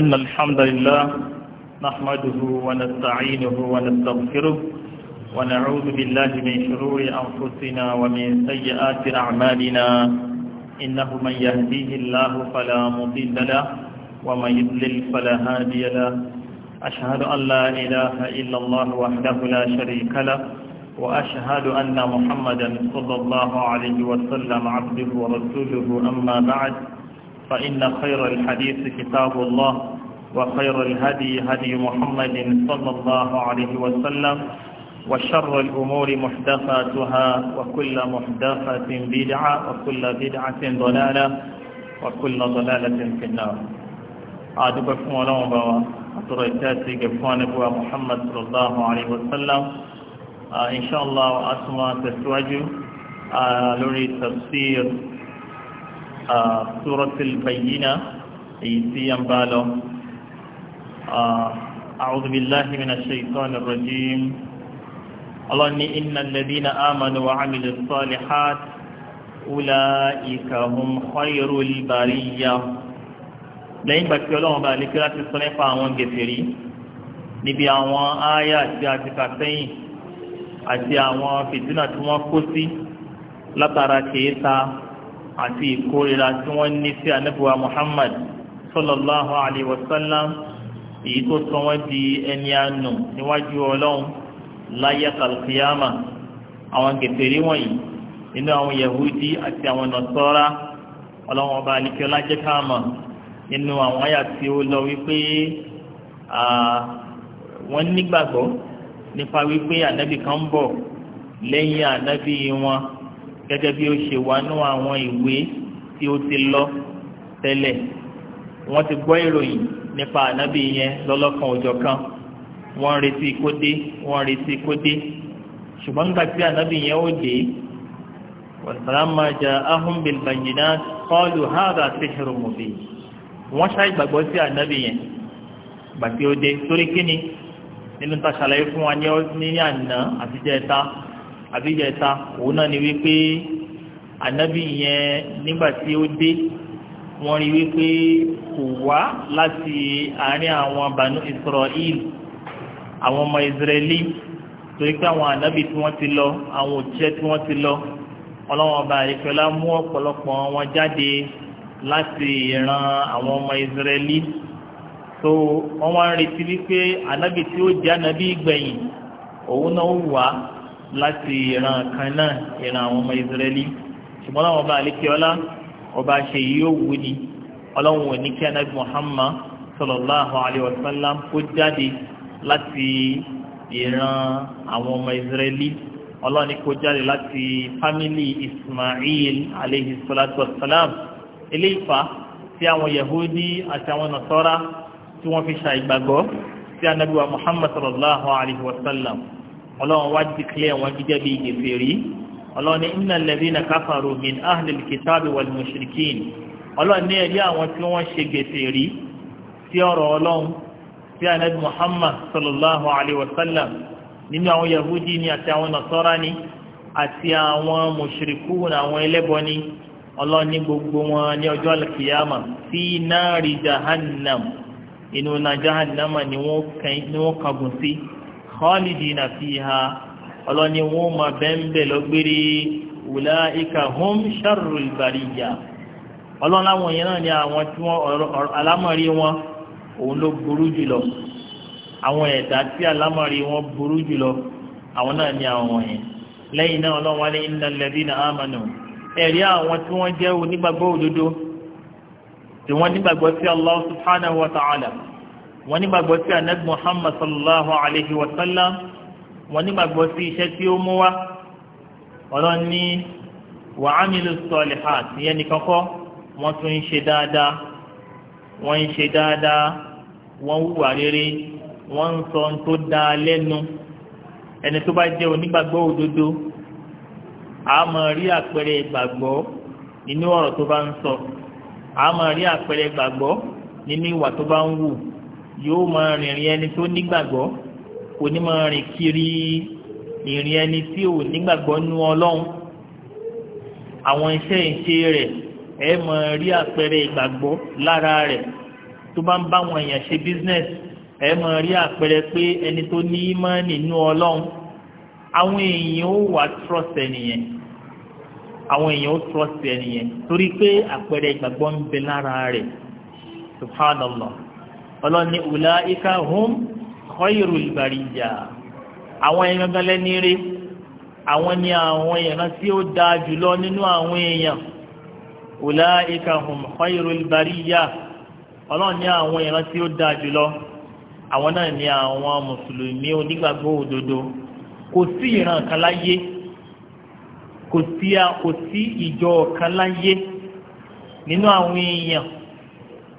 إن الحمد لله نحمده ونستعينه ونستغفره ونعوذ بالله من شرور أنفسنا ومن سيئات أعمالنا إنه من يهديه الله فلا مضل له ومن يضلل فلا هادي له أشهد أن لا إله إلا الله وحده لا شريك له وأشهد أن محمدا صلى الله عليه وسلم عبده ورسوله أما بعد فإن خير الحديث كتاب الله وخير الهدي هدي محمد صلى الله عليه وسلم وشر الأمور محدثاتها وكل محدثة بدعة وكل بدعة ضلالة وكل ضلالة في النار أعدكم ولهم بوا قفوان قفوانك محمد صلى الله عليه وسلم آه، إن شاء الله أسمى تسواجه آه، لوري تفسير suratul bayyina èyí tí a ń bá lọ أعوذ بالله من الشيطان الرجيم الله إن الذين آمنوا وعملوا الصالحات أولئك هم خير البرية lẹ́yìn gbàtí ọlọ́run bá lè kí láti sọ nípa àwọn gẹ̀fẹ̀rí níbi àwọn ááyà àti àtìkà sẹ́yìn àti àwọn fìtínà tí wọ́n kó sí àti ìkórira tí wọ́n ní sí anábùwà Muhammad sallallahu alayhi wa sallam èyí tó sọ wọ́n di ẹni àánú níwájú ọlọ́run láyé kàlùkìyàmà àwọn kèfèrí wọ̀nyí nínú àwọn yahudi àti àwọn nọ̀sọ́ra ọlọ́run ọba alikiola jẹ́ káàmà nínú àwọn àyà tí ó lọ wípé wọ́n nígbàgbọ́ nípa wípé ànábì kan ń bọ̀ lẹ́yìn ànábì wọn gẹ́gẹ́ bí ó ṣe wà nú àwọn ìwé tí ó ti lọ tẹ́lẹ̀ wọ́n ti gbọ́ ìròyìn nípa ànábì yẹn lọ́lọ́kan òjọ̀ kan wọ́n retí kó dé wọ́n retí kó dé ṣùgbọ́n nígbà tí ànábì yẹn ó dé wàlámà jà áhùn bìlbànyìnà kọ́ọ̀lù hàrà sí hìrùmùbì wọ́n ṣá sí ànábì yẹn gbàtí ó dé torí kíni nínú ta ṣàlàyé fún wa ní àná àbíjẹta àbíjẹta òun náà ni wípé ànábì yẹn nígbà tí ó dé wọ́n rí wípé kò wá láti àárín àwọn bànú Israel àwọn ọmọ Israeli torí pé àwọn ànábì tí wọ́n ti lọ àwọn òjíṣẹ́ tí wọ́n ti lọ ọlọ́wọ́n ọba ìfẹ́lá mú ọ̀pọ̀lọpọ̀ wọn jáde láti ìran àwọn ọmọ Israeli so wọ́n wá ń retí wípé ànábì tí ó jẹ́ ànábì ìgbẹ̀yìn òun náà wà láti ìran kan náà ìran àwọn ọmọ Israeli ṣùgbọ́n láwọn ọba àlékiọ́lá ọba ṣe yìí ó wù ní ọlọ́run òní kí anábì Muhammad sallallahu alayhi wa sallam kó jáde láti ìran àwọn ọmọ Israẹli ọlọ́run ní kó jáde láti fámìlì Ismail alayhi salatu wa salam eléyìí fa tí àwọn Yahudi àti àwọn Nasara tí wọ́n fi ṣàìgbàgbọ́ sí anábì wa Muhammad sallallahu alayhi wa sallam ọlọ́run wá dìklẹ̀ wọn gẹ́gẹ́ bí ìgbèfèrè yìí ọlọ́ni iná lẹ́bí na káfàrò min ahlil kitabi wal mushrikin ọlọ́ni ẹ̀rí àwọn tí wọ́n ṣe gbèsè rí sí ọ̀rọ̀ ọlọ́run sí anabi muhammad sallallahu alayhi wa sallam nínú àwọn yahudi ni àti àwọn nasọ́ra ni àti àwọn mushriku ni àwọn ẹlẹ́bọ ni ọlọ́ni gbogbo wọn ní ọjọ́ alkiyama fi náàrí jahannam inú na jahannama ni wọ́n kagùn sí khalidina fiha ọlọ́ni wọ́n ma bẹ́ẹ̀mbẹ̀ lọ́gbẹ́rí wùlá ikà hum sharrul bariyya ọlọ́ni àwọn yẹn náà ni àwọn tí wọ́n alámọ̀rí wọn òun ló burú jùlọ àwọn ẹ̀dá tí alámọ̀rí wọn burú jùlọ àwọn náà ni àwọn wọ̀nyẹn lẹ́yìn náà ọlọ́run wá ní innal ladina amanu ẹ̀rí àwọn tí wọ́n jẹ́ onígbàgbọ́ òdodo tí wọ́n nígbàgbọ́ sí Allah subhanahu wa ta'ala wọ́n nígbàgbọ́ sí anabi Muhammad sallallahu alayhi wa sallam wọ́n nígbàgbọ́ sí iṣẹ́ tí ó mú wá ọ̀rọ̀ ní wa amilu salihat ìyẹn nìkan kọ́ wọ́n tún ń ṣe dáadáa wọ́n ń ṣe dáadáa wọ́n hùwà rere wọ́n ń sọ ohun tó dáa lẹ́nu ẹni tó bá jẹ́ onígbàgbọ́ òdodo a rí àpẹẹrẹ ìgbàgbọ́ nínú ọ̀rọ̀ tó bá ń sọ a rí àpẹẹrẹ ìgbàgbọ́ nínú ìwà tó bá ń wù yóò máa rìnrìn ẹni tó nígbàgbọ́ kò ní máa rìn kiri ìrìn ẹni tí ò nígbàgbọ́ nú ọlọ́run àwọn iṣẹ́ ìṣe rẹ̀ ẹ máa rí àpẹẹrẹ ìgbàgbọ́ lára rẹ̀ tó bá ń bá àwọn èèyàn ṣe business ẹ máa rí àpẹẹrẹ pé ẹni tó ní mọ́ nínú ọlọ́run àwọn èèyàn ó wà trust ẹnìyẹn àwọn èèyàn ó trust ẹnìyẹn torí pé àpẹẹrẹ ìgbàgbọ́ ń bẹ lára rẹ̀ subhanallah ọlọ́ni ulaika hum khairul bariyya àwọn èèyàn gan lẹ́ni rí àwọn ni àwọn èèyàn tí ó dáa jùlọ nínú àwọn èèyàn ulaika hum khairul bariyya ọlọ́run ní àwọn èèyàn tí ó dáa jùlọ àwọn náà ni àwọn mùsùlùmí onígbàgbọ́ òdodo kò sí ìran kan láyé kò sí kò sí ìjọ kan láyé nínú àwọn èèyàn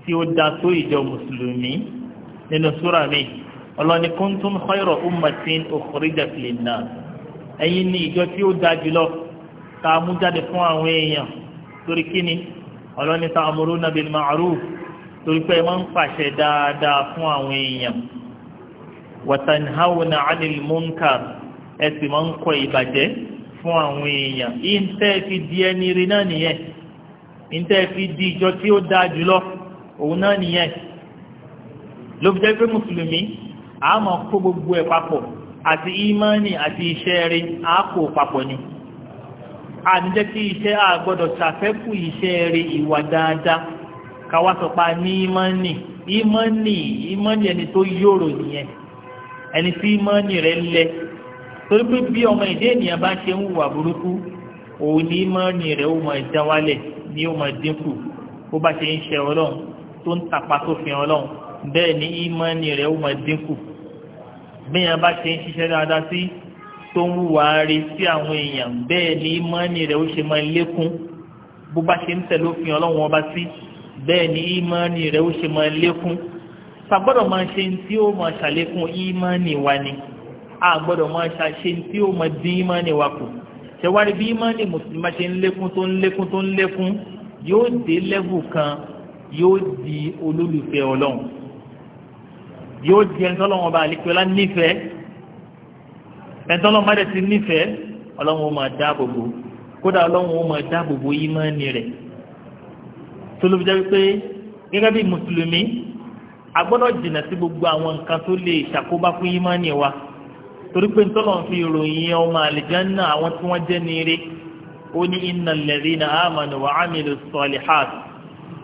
tí ó dáa tó ìjọ mùsùlùmí nínú súra mi ọlọ́ni kuntum khayra ummatin ukhrijat lin-nas ẹ̀yin ní ìjọ tí ó da jùlọ tá a mú jáde fún àwọn èèyàn torí kíni ọlọ́ni ta'muruna bil ma'ruf torí pé ẹ máa ń pàṣẹ dáadáa fún àwọn èèyàn wa tanhawna 'anil munkar ẹ sì máa ń kọ ìbàjẹ́ fún àwọn èèyàn ìntẹ́ fi di ẹni rí náà nìyẹn ìntẹ́ fi di ìjọ tí ó dáa jùlọ òun náà nìyẹn ló jẹ́ pé mùsùlùmí àmọ́ kó gbogbo ẹ̀ papọ̀ àti ìmánì àti iṣẹ́ rí àápò papọ̀ ni a ní jẹ́ kí iṣẹ́ a gbọ́dọ̀ ṣàfẹ́kù iṣẹ́ rí ìwà dáadáa káwá sọpa ní ìmánì ìmánì ìmánì ẹni tó yòrò nìyẹn ẹni tí ìmánì rẹ̀ lẹ torí pé bí ọmọ ìdí ènìyàn bá ṣe ń hùwà burúkú òun ní ìmánì rẹ̀ ó máa já wálẹ̀ ní ó máa dínkù bó bá ṣe ń ṣe ọlọ́run tó ń tàpá sófin ọlọ́run bẹ́ẹ̀ ni ìmánì rẹ̀ ó máa dínkù bẹ́ẹ̀ bá ṣe ń ṣiṣẹ́ dáadáa sí tó ń wùwà rí sí àwọn èèyàn bẹ́ẹ̀ ni ìmọ̀ọ́nì rẹ̀ ó ṣe máa ń lékún bó bá ṣe ń tẹ̀lé òfin ọlọ́run ọba sí bẹ́ẹ̀ ni ìmọ̀ọ́nì rẹ̀ ó ṣe máa ń lékún sàgbọ́dọ̀ máa ṣe ń tí ó máa ṣàlékún ìmọ̀ọ́nì wa ni a gbọ́dọ̀ máa ṣàṣe ń tí ó máa dín ìmọ̀ọ́nì wa kù ṣẹ̀wárí bí ìmọ̀ọ́nì mùsùlùmí ṣe ń lékún tó ń lékún tó ń lékún yóò dé lẹ́bù kan yóò di olólùfẹ́ ọlọ́run yóò di ẹni tọ́lọ́wọ́n bá àlekí ọlá nífẹ̀ẹ́ ẹni tọ́lọ́wọ́n bá dẹ̀ ti nífẹ̀ẹ́ ọlọ́wọ́n ó máa dáàbò bò kódà ọlọ́wọ́n ó máa dáàbò bò ìmánì rẹ̀ tolóbi jẹ́ pé gẹ́gẹ́ bí mùsùlùmí a gbọ́dọ̀ jìnnà sí gbogbo àwọn nǹkan tó lè ṣàkóbá fún ìmánì wa torí pé ntọ́lọ̀ fi ròyìn ọmọ àlìjánná àwọn tí wọ́n jẹ́ níire ó ní innal ladhina amanu wa amilus salihat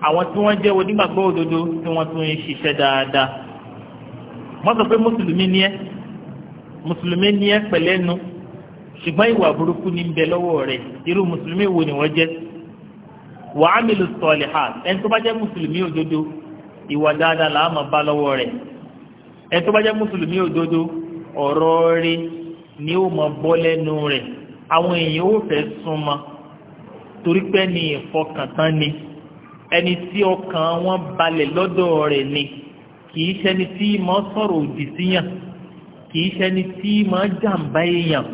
àwọn tí wọ́n jẹ́ onígbàgbọ́ òdodo tí wọ́n tún ń ṣiṣẹ́ dáadáa wọ́n sọ pé mùsùlùmí ni ẹ́ mùsùlùmí ni ẹ́ pẹ̀lẹ́nu ṣùgbọ́n ìwà burúkú ní bẹ lọ́wọ́ rẹ̀ irú mùsùlùmí wo ni wọ́n jẹ́ wa amilu salihat ẹni tó bá jẹ́ mùsùlùmí òdodo ìwà dáadáa là á máa bá lọ́wọ́ rẹ̀ ẹni tó bá jẹ́ mùsùlùmí òdodo ọ̀rọ̀ rẹ̀ ni ó máa bọ́ lẹ́nu rẹ̀ àwọn èèyàn ó fẹ́ súnmọ́ torí pé ní ìfọkàntán ni ẹni tí ọkàn wọn balẹ̀ lọ́dọ̀ rẹ̀ ni. kìí ṣẹni tí mọ́ sọ̀rọ̀ òdì síyàn kìí ṣẹni tí ma jàǹbá èèyàn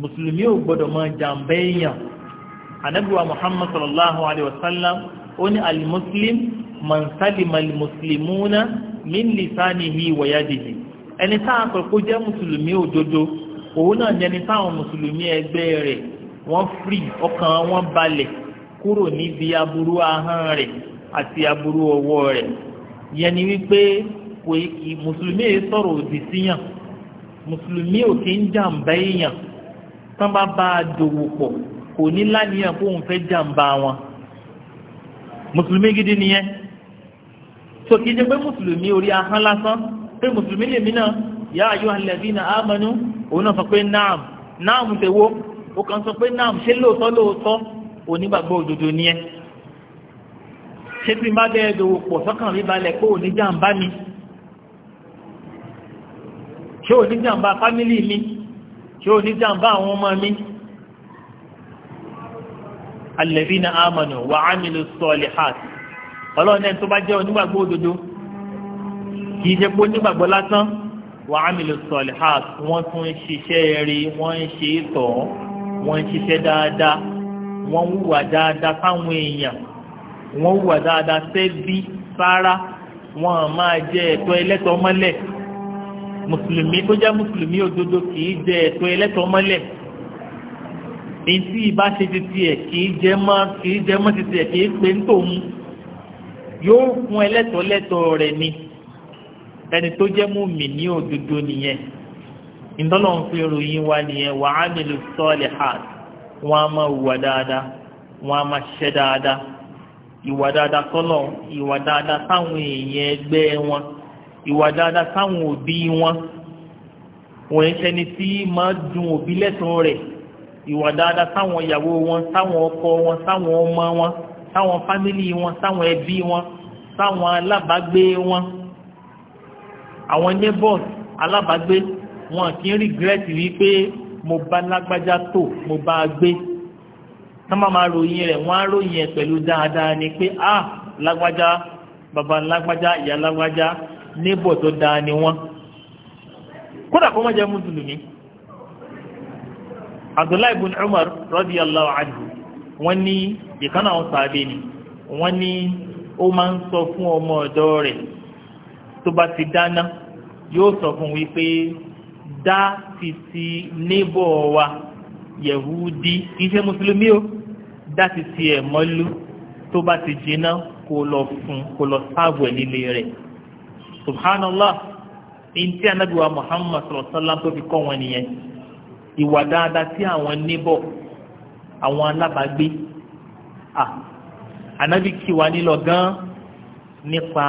mùsùlùmí ò gbọ́dọ̀ mọ́ jàǹbá èèyàn anabiwa muhammad sallallahu alayhi wa sallam ó ní alimuslim man salima na min lisanihi wa yadihi ẹni tá a pè kó jẹ́ mùsùlùmí òdodo òun náà ní ẹni táwọn mùsùlùmí ẹgbẹ́ rẹ̀ wọ́n firi ọkàn wọn balẹ̀ kúrò níbi aburú ahọ́n rẹ̀ àti aburú ọwọ́ rẹ̀ yẹn ni wípé kò kì mùsùlùmí yìí sọ̀rọ̀ òdì síyàn mùsùlùmí ò kì í jàǹbá èèyàn tán bá bá a dòwò pọ̀ kò ní láníyàn kó òun fẹ́ jàǹbá wọn mùsùlùmí gidi nìyẹn so kì í ṣe pé mùsùlùmí orí ahọ́n lásán pé mùsùlùmí lèmi náà yá ayọ́ alẹ́bí náà ámánú òun náà sọ pé naam naam tẹ̀wọ́ ó kàn sọ pé naam ṣé lóòótọ́ lóòótọ́ onígbàgbọ́ òdodo nìyẹn ṣé tí n bá bẹ́ẹ̀ dòwò pọ̀ sọ́kàn mi balẹ̀ pé ò ní jàǹbá mi ṣé ò ní jàǹbá fámílì mi ṣé ò ní jàǹbá àwọn ọmọ mi alladhina amanu wa amilu salihat ọlọ́run ẹni tó bá jẹ́ onígbàgbọ́ òdodo kì í ṣe pé onígbàgbọ́ lásán wa amilu salihat wọ́n tún ń ṣiṣẹ́ rí wọ́n ń ṣe tọ̀ wọ́n ń ṣiṣẹ́ dáadáa wọ́n ń dáadáa fáwọn èèyàn wọ́n wùwà dáadáa sẹ́bí sára a máa jẹ ẹ̀tọ́ ẹlẹ́tọ́ mọ́lẹ̀ mùsùlùmí tó jẹ́ mùsùlùmí òdodo kì í jẹ ẹ̀tọ́ ẹlẹ́tọ́ mọ́lẹ̀ èyí tí tiẹ̀ kì í jẹ mọ́ kì í jẹ mọ́ kì í pe ń yóò fún ẹlẹ́tọ́ lẹ́tọ́ rẹ̀ ni ẹni tó jẹ́ ní òdodo nìyẹn ìdọ́lọ̀ ń fi wa nìyẹn wàá nílùú sọ́ọ̀lì wọ́n a máa dáadáa wọ́n ìwà dáadáa sọ́lọ̀ ìwà dáadáa sáwọn èèyàn ẹgbẹ́ wọn ìwà dáadáa sáwọn òbí wọn wọ́n ń ṣẹni tí máa dun òbí lẹ́sùn rẹ̀ ìwà dáadáa sáwọn ìyàwó wọn sáwọn ọkọ wọn sáwọn ọmọ wọn sáwọn fámìlì wọn sáwọn ẹbí wọn sáwọn alábàágbé wọn àwọn neighbors alábàágbé wọn kì í regret wípé mo bá lágbájá tó mo bá a gbé. sọ́mà máa ròyìn rẹ̀ wọ́n á ròyìn ẹ̀ pẹ̀lú dáadáa ni pé a lágbájá bàbá lágbájá ìyá lágbájá níbọ̀ tó dáa ni wọ́n kódà kó má jẹ́ mùsùlùmí abdullahi ibn umar radiyallahu anhu wọ́n ní ìkànnà àwọn sàábé ni wọ́n ní ó máa ń sọ fún ọmọ ọ̀dọ́ rẹ̀ tó ti dáná yóò sọ fún wípé dá ti ti níbọ̀ wa yẹ̀húdí ṣe mùsùlùmí o. dá ti tiẹ̀ mọ́lú tó bá ti jiná kó lọ fún kó lọ sáàbù ẹ̀ nílé rẹ̀ subhanallah ntí anabiwa muhammad sallallahu alaihi sallam tó fi kọ́ wọn nìyẹn ìwà dáadáa tí àwọn níbọ̀ àwọn alábàágbé ah anabi kí wa nílọ gan nípa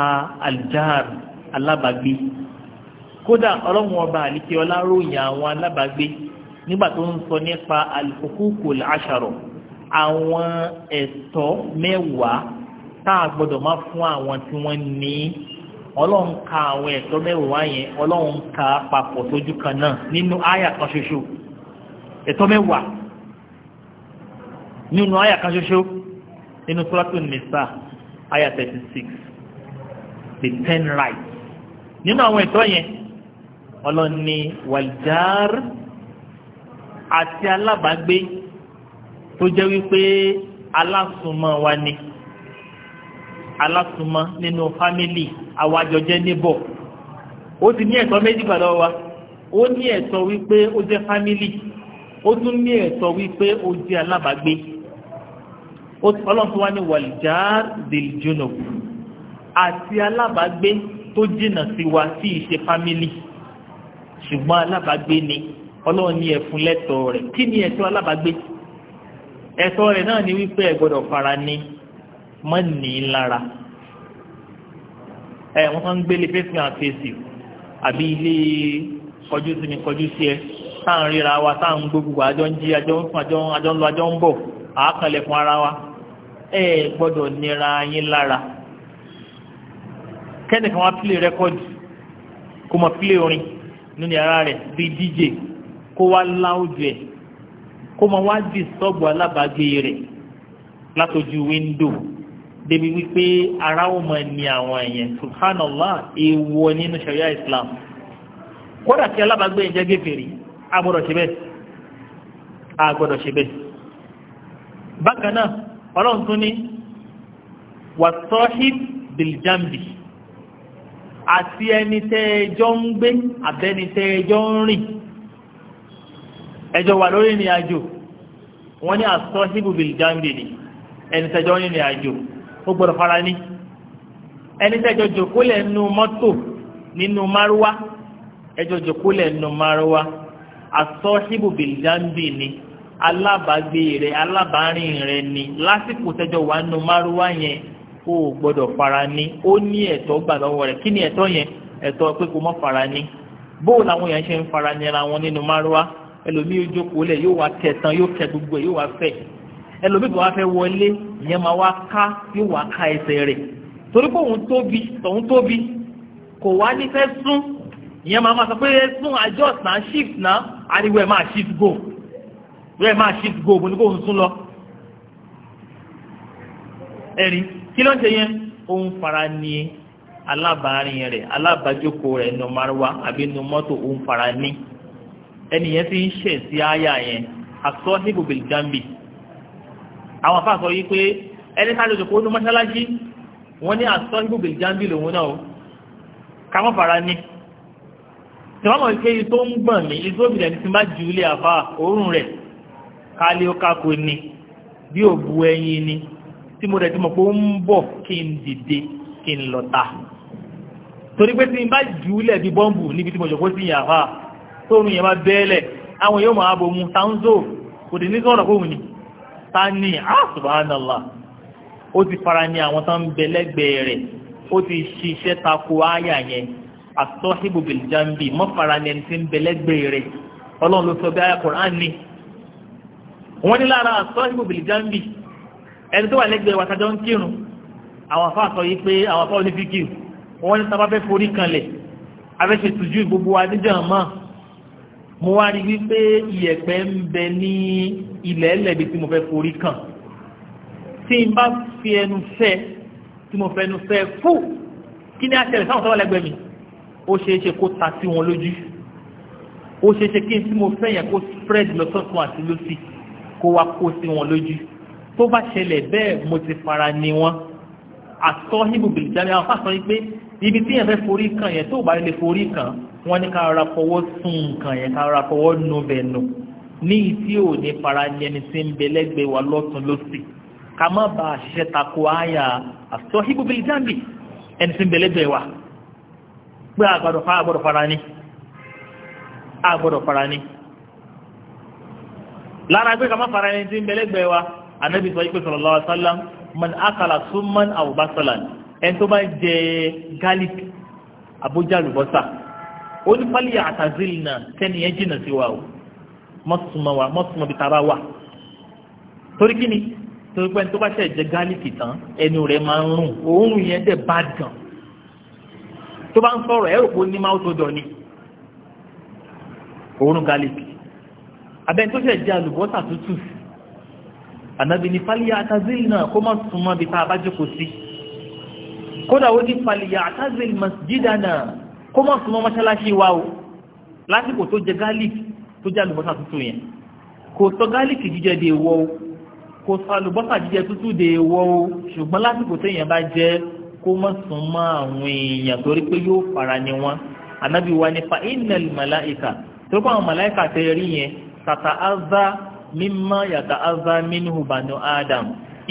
aljar alábàágbé kódà ọlọ́run ọba àlìkẹ́ ọlá ròyìn àwọn alábàágbé nígbà tó ń sọ nípa alhukukul asharọ àwọn ẹ̀tọ́ mẹ́wàá tá a gbọ́dọ̀ máa fún àwọn tí wọ́n ní ọlọ́run ka àwọn ẹ̀tọ́ mẹ́wàá yẹn ọlọ́run ka papọ̀ tójú kan náà nínú àyà kan ṣoṣo ẹ̀tọ́ mẹ́wàá nínú àyà kan ṣoṣo nínú sọ́látò nìsà àyà thirty six the ten rights nínú àwọn ẹ̀tọ́ yẹn ọlọ́run ní wàlìjáàr àti alábàágbé tó jẹ́ wípé alásùnmọ́ wa ni alásùnmọ́ nínú fámìlì àwájọ jẹ́ níbọ̀ ó ti ní ẹ̀tọ́ méjì pàdé wa ó ní ẹ̀tọ́ wípé ó jẹ́ fámìlì ó tún ní ẹ̀tọ́ wípé ó jẹ́ alábàágbé ọlọ́run tó wá ní wàlìjáàr dìljúnù àti alábàágbé tó jìnnà sí wa tí ì ṣe ṣùgbọ́n alábàágbé ni ọlọ́run ní ẹ̀fún lẹ́tọ̀ọ́ rẹ̀ kí ni ẹ̀tọ́ alábàágbé ẹ̀tọ́ rẹ̀ náà ni wípé ẹ gbọ́dọ̀ fara ní mọ́ ní lára ẹ wọ́n kàn ń gbélé fèsì náà fèsì àbí ilé kọjú sí mi kọjú sí ẹ tá à ń ríra wa tá à ń gbógun àjọ ń jí àjọ ń fún àjọ àjọ ń lọ àjọ ń bọ̀ àákànlẹ̀ fún ara wa ẹ gbọ́dọ̀ nira yín lára kẹ́nìkan wá pílé rẹ́kọ́dì kó mọ̀ pílé orin nínú yàrá rẹ̀ bíi DJ kó wá láwùjọ ẹ̀ kó máa wá dì sọ́ọ̀bù alábàágbé rẹ̀ látọjú wíńdò débi wípé ara ó máa ní àwọn yẹn subhanallah èèwọ̀ nínú sharia islam kódà kí alábàágbé yẹn jẹ́ gèfèrè a gbọ́dọ̀ ṣe bẹ́ẹ̀ a gbọ́dọ̀ ṣe bẹ́ẹ̀ bákan náà ọlọ́run tún ní wàtọ́hìb bìljambi àti ẹni tẹ́ ẹjọ́ ń gbé àbẹ́ni tẹ́ ẹjọ́ ń rìn ẹjọ wà lórí ní àjò wọn ní àsọ híbùbìlì jáǹbì ni ẹni tẹjọ ní ìrìn àjò fara ní ẹni tẹjọ jòkólẹ̀ nínú mọ́tò nínú márúwá ẹjọ jòkólẹ̀ nínú márúwá àsọ híbùbìlì jáǹbì ni alábàágbé rẹ rẹ ni lásìkò tẹjọ wà nínú márúwá yẹn gbọ́dọ̀ fara ní ó ní ẹ̀tọ́ gbà lọ́wọ́ rẹ kí ẹlòmíì yóò jókòó lẹ̀ yóò wá tẹ̀ tán yóò kẹ gbogbo ẹ̀ yóò wá fẹ̀ ẹlòmíì bọ̀ wá fẹ́ wọlé ìyẹn máa wá ká yóò wá ká ẹsẹ̀ rẹ̀ torí pé òun tóbi tòun tóbi kò wá ní fẹ́ sún ìyẹn máa máa sọ pé sún adjust náà shift náà ariwo ẹ̀ máa shift go rẹ̀ máa shift go mo ní kó òun sún lọ ẹ̀rí kí ló ń ṣe yẹn òun fara ní alábàárín rẹ̀ alábàájókòó rẹ̀ nù àbí nù òun fara ní ẹnìyẹn ti ń ṣẹ̀ sí àyà yẹn àsọ níbùbìlì jambi àwọn afá sọ yìí pé ẹni tá a lè sọ pé ó ní mọ́ṣáláṣí wọ́n ní àsọ níbùbìlì jambi lòun náà káwọn fara ní tọ́mọ̀ ìké tó ń gbọ̀n mí ìtò òbílẹ̀ ní ti má jù ilé àfá òórùn rẹ̀ kálé ó kákò ní bí ò bu ẹyin ni tí mo rẹ̀ tí mo pé ó ń bọ̀ kí n dìde kí n lọ́ta torí pé tí n bá jù ilẹ̀ bí bọ́ǹbù níbi tí mo jọ sí ìyàfá tóòrùn yẹn bá bẹ́ẹ̀lẹ̀ àwọn yóò máa bò mú tánzó kò dì ní sọ́rọ̀ fóòrùn ni ta ni subhanallah ó ti fara ní àwọn tán bẹ lẹ́gbẹ̀ẹ́ rẹ̀ ó ti ṣiṣẹ́ tako áyà yẹn àtọ́síbò bìlìjàmbì mọ́ fara ní ẹni tí ń bẹ lẹ́gbẹ̀ẹ́ rẹ̀ ọlọ́run ló sọ bí áyà Qur'an ni wọ́n ní lára àtọ́síbò bìlìjàmbì ẹni tó wà lẹ́gbẹ̀ẹ́ wa tajọ́ ń kírun àwọn afáà sọ yìí pé àwọn afáà onífíkì wọ́n ní sábà fẹ́ forí kanlẹ̀ afẹ́ṣe tùjú gbogbo adíjọ́ mọ́ mo wá rí wípé iyẹ̀pẹ̀ ń bẹ ní ilẹ̀ ẹlẹ́bi tí mo fẹ́ forí kàn tí n bá fi ẹnu fẹ́ tí mo fẹ́ ẹnu fẹ́ fú kí ni a ṣẹlẹ̀ sáwọn sábà lẹ́gbẹ̀ẹ́ mi ó ṣeé ṣe kó ta sí wọn lójú ó ṣeé ṣe kí n tí mo fẹ́ yẹn kó spread lọ sọ́tún àti lọ́sì kó wá kó sí wọn lójú tó bá ṣẹlẹ̀ bẹ́ẹ̀ mo ti fara ni wọn àtọ́ híbùbìlì jáde àwọn fásitì pé ibi tí yẹn fẹ́ forí kàn yẹn tó bá lè forí kàn wọ́n ní kára fọwọ́ sún nǹkan yẹn kára fọwọ́ nu bẹ̀ nù ní ìtí ò fara yẹni tí ń bẹ lẹ́gbẹ̀ẹ́ wa lọ́tún lọ́sì ká má ba àṣìṣe tako àyà àtọ́ ibùbílì dáàbì ẹni tí ń bẹ lẹ́gbẹ̀ẹ́ wa pé àgbàdo fara àgbàdo fara ni àgbàdo fara ni lára gbé ká má fara ẹni tí ń bẹ lẹ́gbẹ̀ẹ́ wa anabi sọ ikpe sallallahu alaihi wasallam man akala summan aw basalan ẹni tó bá jẹ garlic abójálùbọ́sà ó ní pálí àtàzílì náà sẹ́ni yẹn jìnnà sí wa o mọ́sùmọ́ wa mọ́sùmọ́ bí tara wa torí kí ni torí pé tó bá ṣe jẹ gáàlìkì tán ẹnu rẹ̀ máa ń rùn òórùn yẹn dẹ̀ bá gan tó bá ń sọ̀rọ̀ ẹ̀rù kó ní máa tó jọ ni òórùn gáàlìkì abẹ́ni tó ṣe jẹ àlùbọ́sà tútù ànábi ní pálí àtàzílì náà kó má súnmọ́ bí bá jókòó sí kódà ó ní pálí àtàzílì masjidana náà kó mọ̀ súnmọ́ mọ́ṣáláṣí wa o lásìkò tó jẹ garlic tó jẹ àlùbọ́sà tútù yẹn kò sọ garlic jíjẹ dé wọ o kò sọ àlùbọ́sà jíjẹ tútù dé wọ o ṣùgbọ́n lásìkò téèyàn bá jẹ kó mọ̀ súnmọ́ àwọn èèyàn torí pé yóò fara ni wọn ànábì wa nípa innal màláìkà tó kọ́ àwọn màláìkà tẹ yẹn tàtà azá mímọ́ yàtà azá minhu banu Adam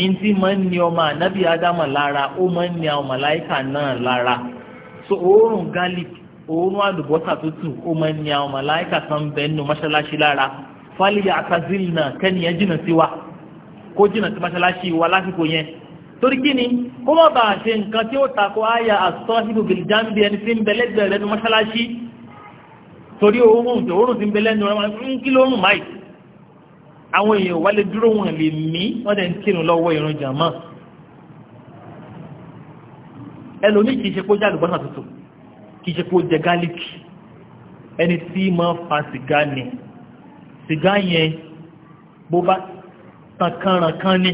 ntí máa ń ní ọmọ ànábì Adam lára ó máa ń ní àwọn màláìkà náà lára so òórùn garlic òórùn àdùbọ́sà tútù ó máa ń ní àwọn màláìkà kan bẹ nínú mọ́ṣáláṣí lára fálíyà àtàzílì náà kẹ́niyẹn jìnnà sí wa kó jìnnà sí mọ́ṣáláṣí wa lásìkò yẹn torí kí ni kó má bàa ṣe nǹkan tí ó tako àyà àsọ́hìbù bìlìjàmbì ẹni tí ń bẹ lẹ́gbẹ̀ẹ́ rẹ̀ nínú mọ́ṣáláṣí torí òórùn tí òórùn ti ń bẹ lẹ́nu rẹ̀ kí ló rùn báyìí àwọn èèyàn wálé dúró wọn lè mí wọ́n dẹ̀ ń kírun lọ́wọ́ ìrun jàmáà ẹlòmí kìí ṣe kó jẹ́ àlùbọ́sà tuntun kìí ṣe kó jẹ gálíkì ẹni tí máa fa sìgá ni sìgá yẹn bó bá tan kànràn kan ni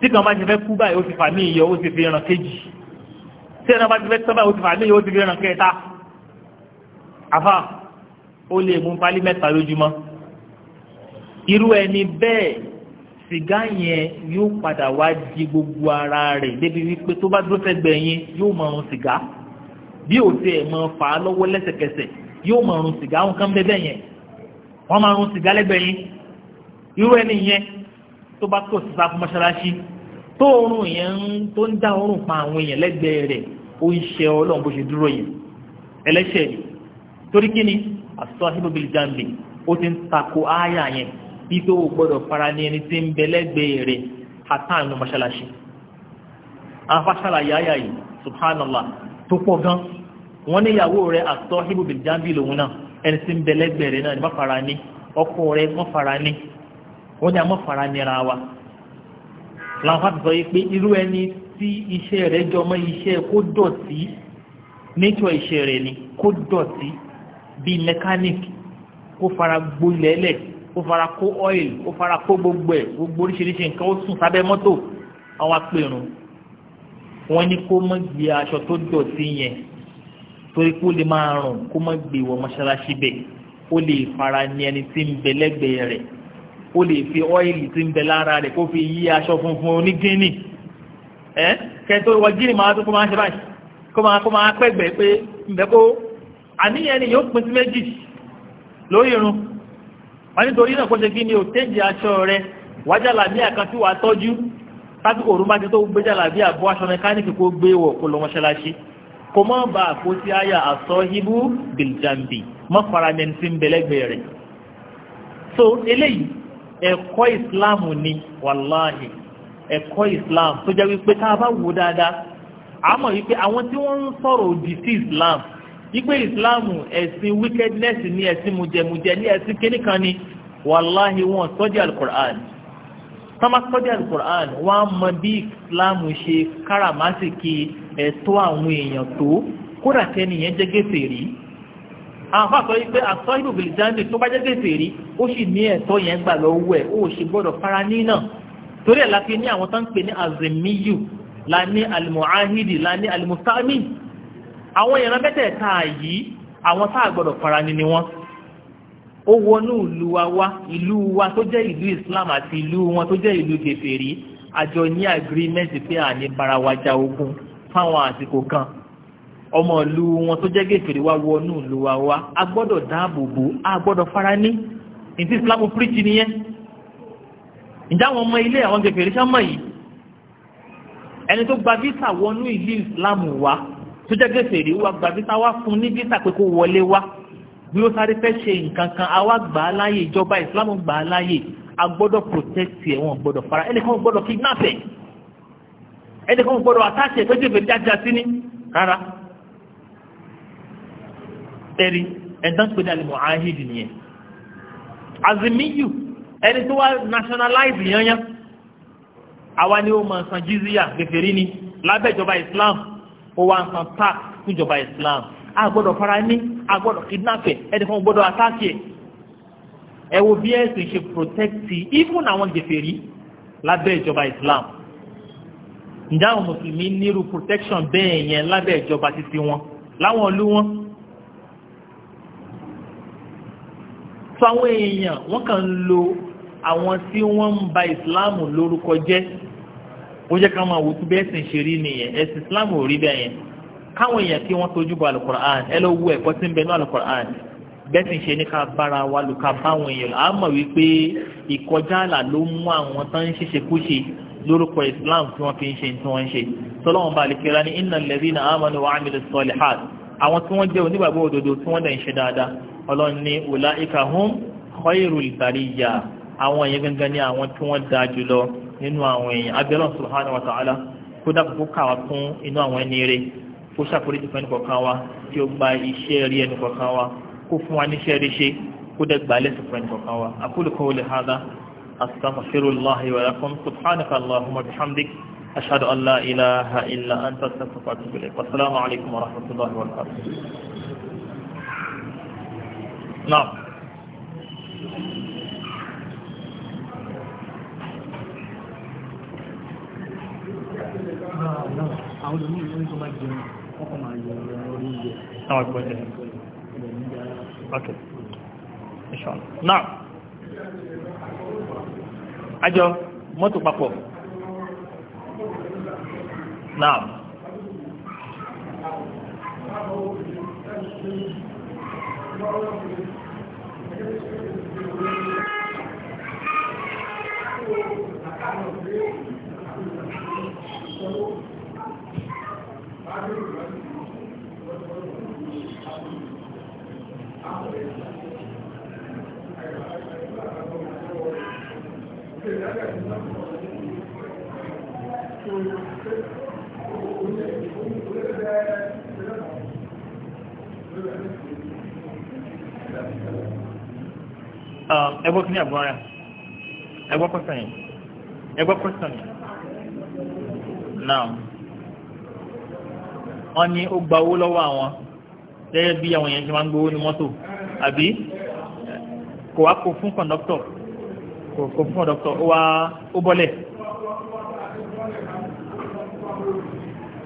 tí kan bá ti fẹ́ kú báyìí ó ti fà mí ìyọ ó ti fi ràn kejì tí ẹ̀rọ bá ti fẹ́ tán báyìí ó ti fà mí ìyọ ó ti fi ràn kẹta àfà ó lè mú pálí mẹ́ta lójúmọ́ irú ẹni bẹ́ẹ̀ sìgá yẹn yóò padà wá di gbogbo ara rẹ̀ débi wípé tó bá dúró sẹ́gbẹ̀ẹ́ yẹn yóò máa rùn sìgá bí ò tiẹ̀ máa fà á lọ́wọ́ lẹ́sẹ̀kẹsẹ̀ yóò máa rùn sìgá àwọn kan bẹ́ẹ̀ yẹn wọ́n máa rùn sìgá lẹ́gbẹ̀ẹ́ yẹn irú ẹni yẹn tó bá tó sísá fún mọ́ṣáláṣí tó oorun yẹn tó ń dá oorun pa àwọn èèyàn lẹ́gbẹ̀ẹ́ rẹ̀ ó ń ṣe ọlọ́run bó ṣe dúró yẹn ẹlẹ́ṣẹ̀ torí kí ni àsọ́hìbòbìlì wípé o gbọ́dọ̀ fara ní ẹni tí ń bẹ lẹ́gbẹ̀ẹ́ rẹ̀ àtàánú mọ́ṣáláṣí afáṣálà yáyà yìí subhanallah tó pọ̀ gan wọ́n ní ìyàwó rẹ̀ àtọ́ ibùbìlì jambi lòun náà ẹni tí ń bẹ lẹ́gbẹ̀ẹ́ rẹ̀ náà ni má fara ní ọkọ rẹ̀ má fara ní wọ́n ní a má fara nira wa làwọn fàbí sọ yìí pé irú ẹni tí iṣẹ́ rẹ̀ jọ mọ́ iṣẹ́ kó dọ̀tí nature iṣẹ́ rẹ̀ ni kó dọ̀tí bíi mechanic kó fara gbólẹ́lẹ̀ ó fara kó ọ́ìlì ó fara kó gbogbo ẹ̀ gbogbo oríṣiríṣi nǹkan ó sùn sábẹ́ mọ́tò àwọn apẹ̀rùn wọ́n ní kó má gbé aṣọ tó dọ̀tí yẹn torí kó lè máa rùn kó má gbé wọ mọ́ṣáláṣí bẹ́ẹ̀ ó lè fara ní ẹni tí ń bẹ lẹ́gbẹ̀ẹ́ rẹ̀ ó lè fi ọ́ìlì tí ń bẹ lára rẹ̀ kó fi yí aṣọ funfun onígínì ẹ kẹtọ wọ gíní máa tó kó máa ṣe báyìí kó máa kó máa pẹ́gbẹ̀ẹ́ pé ǹbẹ́ kó àníyàn ni yóò pín sí méjì lórí irun wọ́n nítorí náà kó ṣe kí ni ò tẹ́jì aṣọ rẹ wájàlá bí àkan tí wàá tọ́jú lásìkò òru máa ti tó gbé jàlá bí àbọ̀ aṣọ mẹkáníìkì kó gbé wọ̀ kó lọ mọ́ṣáláṣí kò mọ́ bá àkótí àyà àsọ́híbú bìljàmbì mọ́ faramẹ́ni tí ń bẹ̀lẹ́gbẹ̀ẹ́ rẹ̀ so eléyìí ẹ̀kọ́ ìsìláàmù ni wàláhì ẹ̀kọ́ ìsìláàmù tó jẹ́ ipe Islamu, ẹ̀sìn wickedness ni ẹ̀sìn mujẹmujẹ ní ẹ̀sìn kíní ni wàláhi wọn sọ́jà alukur'an tọ́mà sọ́jà alukur'an wọ́n á mọ bí ìsìláàmù ṣe káràmásìkì ẹ̀tọ́ àwọn èèyàn tó kódà kẹ́ni yẹn jẹ́ gẹ̀ẹ́sì rí àwọn afọ yìí pé àtọ́ ìlú bìlìjáde tó bá jẹ́ gẹ̀ẹ́sì rí ó sì ní ẹ̀tọ́ yẹn gbà lọ́wọ́ ẹ̀ ó sì gbọ́dọ̀ fara nínà torí ẹ̀ la ní àwọn tó ń pè ní azimiyu la ní alimuahidi la àwọn ìran mẹ́tẹ̀ẹ̀ta yìí àwọn tá gbọ́dọ̀ fara ni ni wọ́n ó wọnú ìlú wa wá ìlú wa tó jẹ́ ìlú Islam àti ìlú wọn tó jẹ́ ìlú kèfèrí àjọ ní agreement pé àní barawaja ogun fáwọn àsìkò kan ọmọ ìlú wọn tó jẹ́ kèfèrí wá wọnú ìlú wa wá a gbọ́dọ̀ dáàbò bò a gbọ́dọ̀ fara ní ìtí Islam preach nìyẹn ǹjẹ́ àwọn ọmọ ilé àwọn kèfèrí sọ́mọ yìí ẹni tó gba visa wọnú ìlú Islam wá tó jẹ́ gbèsè rí wa gbà visa wa fún ní visa pé kó wọlé wá bí ó sáré fẹ́ ṣe nǹkan kan àwa gbà á láàyè ìjọba ìsìlámù gbà á láàyè a gbọ́dọ̀ protect ẹ̀ wọn gbọ́dọ̀ fara ẹnìkan gbọ́dọ̀ kidnap ẹ̀ ẹnìkan gbọ́dọ̀ àtàṣe ìpẹ́jọ ìbẹ̀rẹ̀ jáde sí ní rárá ẹ̀rí ẹ̀dán pé ní alìmọ̀ ahìdì nìyẹn azimiyu ẹni tó wá nationalize yányán àwa ni ó máa san jizya gẹ̀fẹ̀rí ni lábẹ́ ìjọba Islam ó wá ń san tax fúnjọba Islam a gbọ́dọ̀ fara ní a gbọ́dọ̀ kidnapẹ̀ ẹni fún gbọ́dọ̀ atáàkì ẹ̀ ẹ wo bí ẹ̀sìn ṣe protect even àwọn jẹfẹ̀rí lábẹ́ ìjọba Islam ǹjẹ́ àwọn mùsùlùmí nírú protection bẹ́ẹ̀ yẹn lábẹ́ ìjọba títí wọn láwọn ìlú wọn. sọ àwọn èèyàn wọ́n kàn ń lo àwọn tí wọ́n ń ba Islam lórúkọ jẹ́ ó jẹ́ ká máa wò tó bẹ́ẹ̀ sìn ṣe rí nìyẹn ẹ̀sìn islam ò rí bẹ́ẹ̀ yẹn káwọn èèyàn tí wọ́n tójú bọ alukur'an ẹ lọ wú ẹ̀kọ́ tí ń bẹ ní alukur'an bẹ́ẹ̀ sìn ṣe ní ká bára wa lò ká bá àwọn èèyàn á mọ̀ wípé ìkọjá àlà ló mú àwọn tán ń ṣiṣẹ́ kú ṣe lórúkọ islam tí wọ́n fi ń ṣe tí wọ́n ń ṣe sọlọ́wọ́n bá àlekèrè ní innal ladhina amanu wa amilu salihat àwọn tí wọ́n jẹ́ onígbàgbọ́ òdodo tí wọ́n dẹ̀ ń ṣe dáadáa ọlọ́run ní ulaika hum khairul bariyya àwọn yẹn gangan ní àwọn tí wọ́n dáa jùlọ nínú àwọn èèyàn abẹ́rẹ́ subhanahu wa ta'ala kó dákòókò káwa kún inú àwọn ẹni rẹ̀ kó ṣàforíjì fún ẹnìkọ̀ọ̀kan wa kí ó gba iṣẹ́ rí ẹnìkọ̀ọ̀kan wa kó fún wa níṣẹ́ rí ṣe kó dẹ̀ lẹ́sìn fún ẹnìkọ̀ọ̀kan wa aqulu qawli hadha astaghfirullahi wa lakum subhanaka allahumma bihamdik ashhadu an la ilaha illa anta astaghfiruka wa atubu ilayk assalamu alaykum wa rahmatullahi wa barakatuh. àwọn olùmí ìlú tó bá jẹun ọkọ̀ máa yọ orí ilẹ̀ náà gbọ́ ok, okay inshallah now àjọ mọ́tò papọ̀ now Thank you. Um, ẹgbọ́ kí ní àbúrò rẹ̀ ẹgbọ́ pẹ́sàn yẹn ẹgbọ́ pẹ́sàn yẹn náà wọ́n ní ó gba owó lọ́wọ́ àwọn gẹ́gẹ́ bí àwọn yẹn ṣe máa ń gbowó ní mọ́tò àbí kò wá kó fún kọ̀ǹdọ́tọ̀ kò kó fún kọ̀ǹdọ́tọ̀ ó wá ó bọ́lẹ̀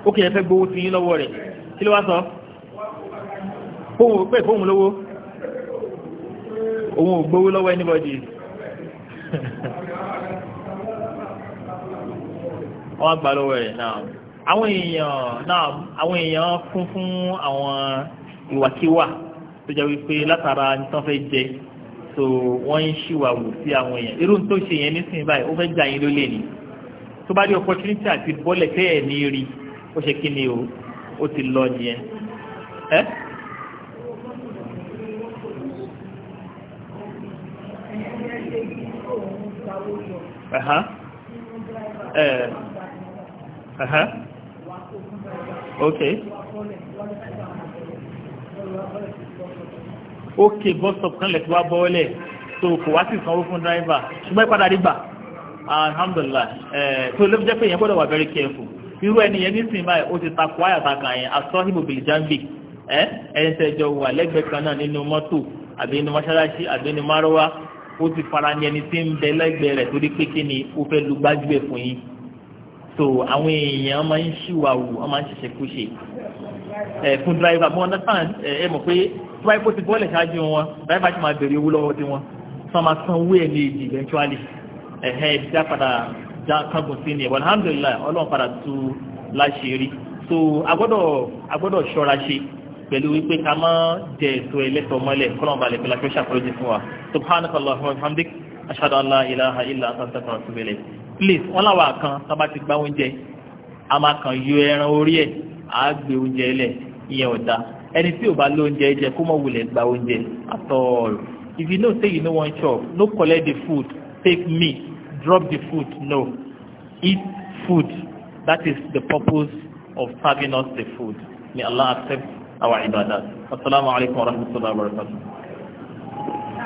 ó kì í fẹ́ gbowó sí yín lọ́wọ́ rẹ̀ kí ló wá sọ pé fóun lówó òun ò gbowó lọ́wọ́ anybody wọ́n gbà lọ́wọ́ rẹ̀ náà àwọn èèyàn náà àwọn èèyàn kún fún àwọn ìwàkiwà tó jẹ́ wípé látara nǹkan fẹ́ jẹ so wọ́n ń ṣìwà wù sí àwọn èèyàn irú tó ṣe yẹn nísìnyí báyìí ó fẹ́ jà yín lólè ni tó bá dé opportunity àti bọ́lẹ̀ tẹ́ ẹ̀ ní rí ó ṣe kí ni o ó ti lọ nìyẹn ẹ́. Eh? Aha. Eh. Aha. Okay. Okay, bus stop kan lè ti wá bọ́ọ̀lẹ̀ so kò wá sí fún driver ṣùgbọ́n ìpadà rí gbà eh, so ló fi jẹ́ pé èèyàn gbọ́dọ̀ wà very careful irú ẹni yẹn nísìnyí báyìí ó ti takò àyàtàkà yẹn asọ́hìbò bìlìjàmbì eh, ẹ̀ ẹ̀ ń tẹ̀jọ wà lẹ́gbẹ̀ẹ́ ó ti fara ní ẹni tí ń bẹ lẹ́gbẹ̀ẹ́ rẹ̀ torí pé kí ni ó fẹ́ lu gbájúẹ̀ fún yín so àwọn èèyàn máa ń ṣìwàwù wọ́n máa ń ṣẹ̀ṣẹ̀ kú ṣe ẹ̀ fún dráìvà mo understand ẹ mọ̀ pé dráìvà ti bọ́ọ̀lẹ̀ ṣáájú wọn dráìvà ti máa bèrè owó lọ́wọ́ tí wọ́n sọ máa san owó ẹ̀ ní èjì eventually ẹ̀hẹ́ ìdí àpàdà kankan sí ni alhamdulilayi ọlọ́run padà tú láṣẹ rí so agbọ́dọ̀ agbọ́dọ̀ ṣọ́ra ṣe pẹ̀lú wípé ká má jẹ ètò ẹlẹ́tọ̀ mọ́lẹ̀ kọ́nà balẹ̀ pẹ̀lú aṣọ ṣàkóso fún wa subhanakallah wa hamdik ashhadu an la ilaha illa anta astaghfiruka wa please wọn làwọn àkàn tábà ti gbá oúnjẹ a máa kàn yọ ẹran orí ẹ̀ àá gbé oúnjẹ lẹ̀ ìyẹn ò dáa ẹni tí ò bá lóúnjẹ jẹ kó mọ̀ wulẹ̀ gba oúnjẹ at if you know say you no wan chop no collect the food take me, drop the food no eat food that is the purpose of serving us the food may Allah accept. أو عبادات السلام عليكم ورحمة الله وبركاته